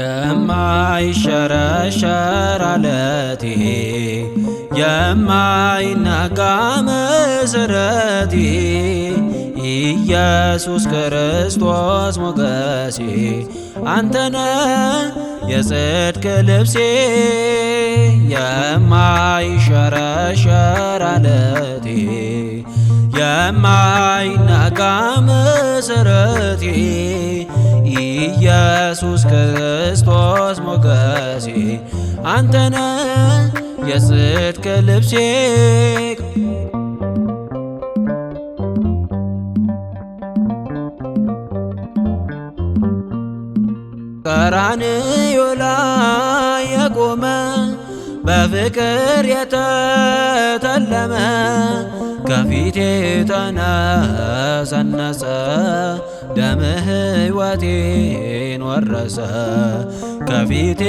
የማይሸረሸር አለቴ የማይናጋ መሰረቴ ኢየሱስ ክርስቶስ ሞገሴ አንተነ የጽድቅ ልብሴ የማይሸረሸር አለቴ የማይናጋ መሰረቴ ኢየሱስ ክርስቶስ ሞገሴ አንተነ የጽድቅ ልብሴ ቀራንዮ ላይ የቆመ በፍቅር የተተለመ ከፊቴ ተነሰነሰ ደም ሕይወቴን ወረሰ ከፊቴ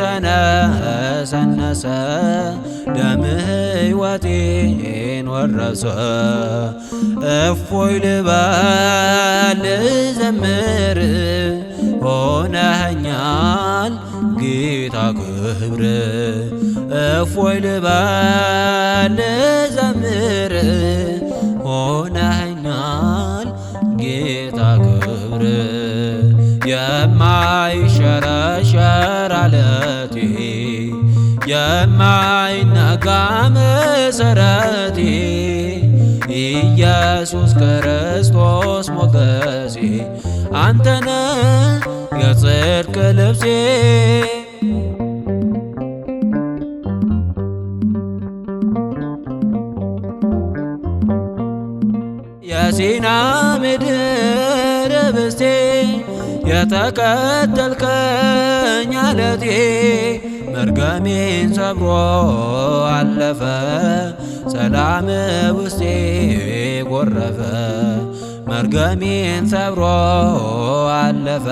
ተነሰነሰ ደም ሕይወቴን ወረሰ እፎይ ልበል ልዘምር ጌታ ክብረ እፎይ ልባል ዘምር ሆነኸኛል ጌታ ክብረ የማይሸረሸር አለቴ የማይናጋ መሰረቴ ኢየሱስ ክርስቶስ ሞገሴ አንተነ የጽድቅ ልብሴ በሲና ምድር ኅብስቴ የተቀተልከኝ አለቴ መርገሜን ሰብሮ አለፈ ሰላም ውስጤ ጎረፈ መርገሜን ሰብሮ አለፈ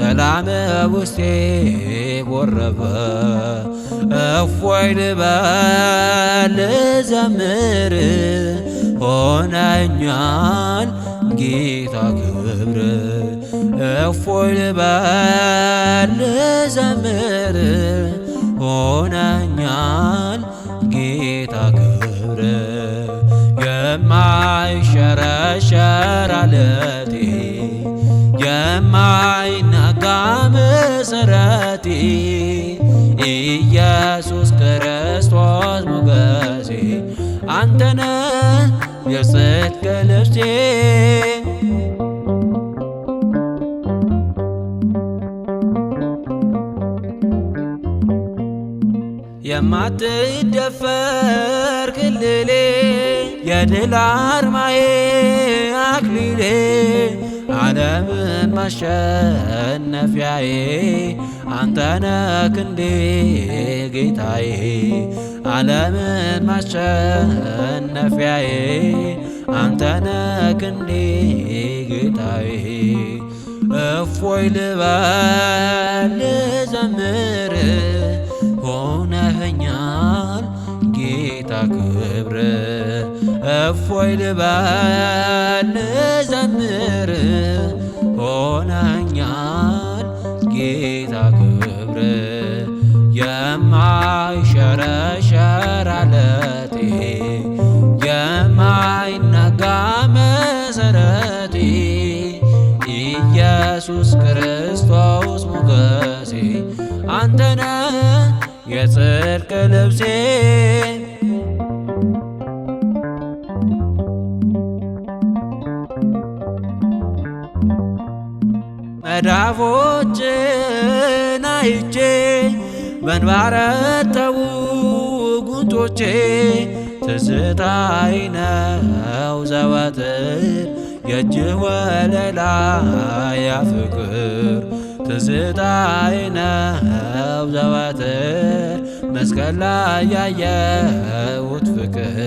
ሰላም ውስጤ ጎረፈ እፎይ ልበል ልዘምር ሆነኛን ጌታ ክብር እፎይ ልበል ዘምር ሆነኛን ጌታ ክብር የማይሸረሸር አለቴ የማይናጋ መሰረቴ ኢየሱስ ክርስቶስ ሞገሴ አንተነ የጽድቅ ልብሴ የማትደፈር ክልሌ የድል አርማዬ አክሊሌ ዓለምን ማሸነፊያዬ አንተነ ክንዴ ጌታዬ ዓለምን ማሸነፊያዬ አንተነህ ክንዴ ጌታዬ እፎይ ልበል ዘምር ሆነኸኛል ጌታ ክብር እፎይ ልበል ዘምር ሆነኛል ጌታ ክብር የማይሸረሸር አለቴ የማይናጋ መሰረቴ ኢየሱስ ክርስቶስ ሞገሴ አንተነ የጽድቅ ልብሴ መዳፎችን አይቼ በእንባ ረጠቡ ጉንጮቼ ትዝታይ ነው ዘወትር የእጅ ወለላ ያፍቅር ትዝታይ ነው ዘወትር መስቀል ላይ ያየሁት ፍቅር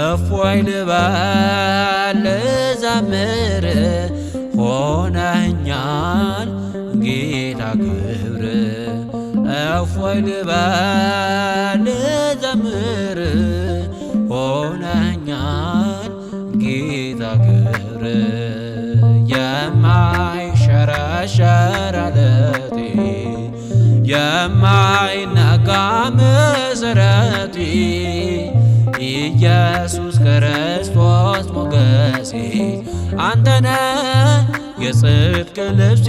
እፎይ ልበል ዘምር ሆነ እፎይልበል ዘምር ሆነኛል ጌታ ግር የማይሸረሸር አለቴ የማይናጋ መሰረቴ ኢየሱስ ክርስቶስ ሞገሴ አንተነ የጽድቅ ልብሴ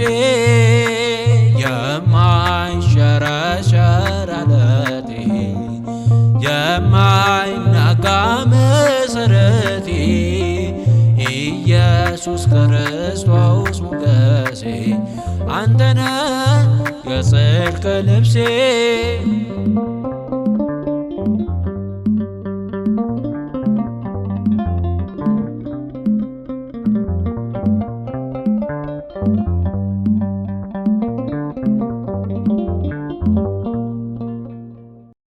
ክርስቶስ ሙገሴ አንተነ የጽድቅ ልብሴ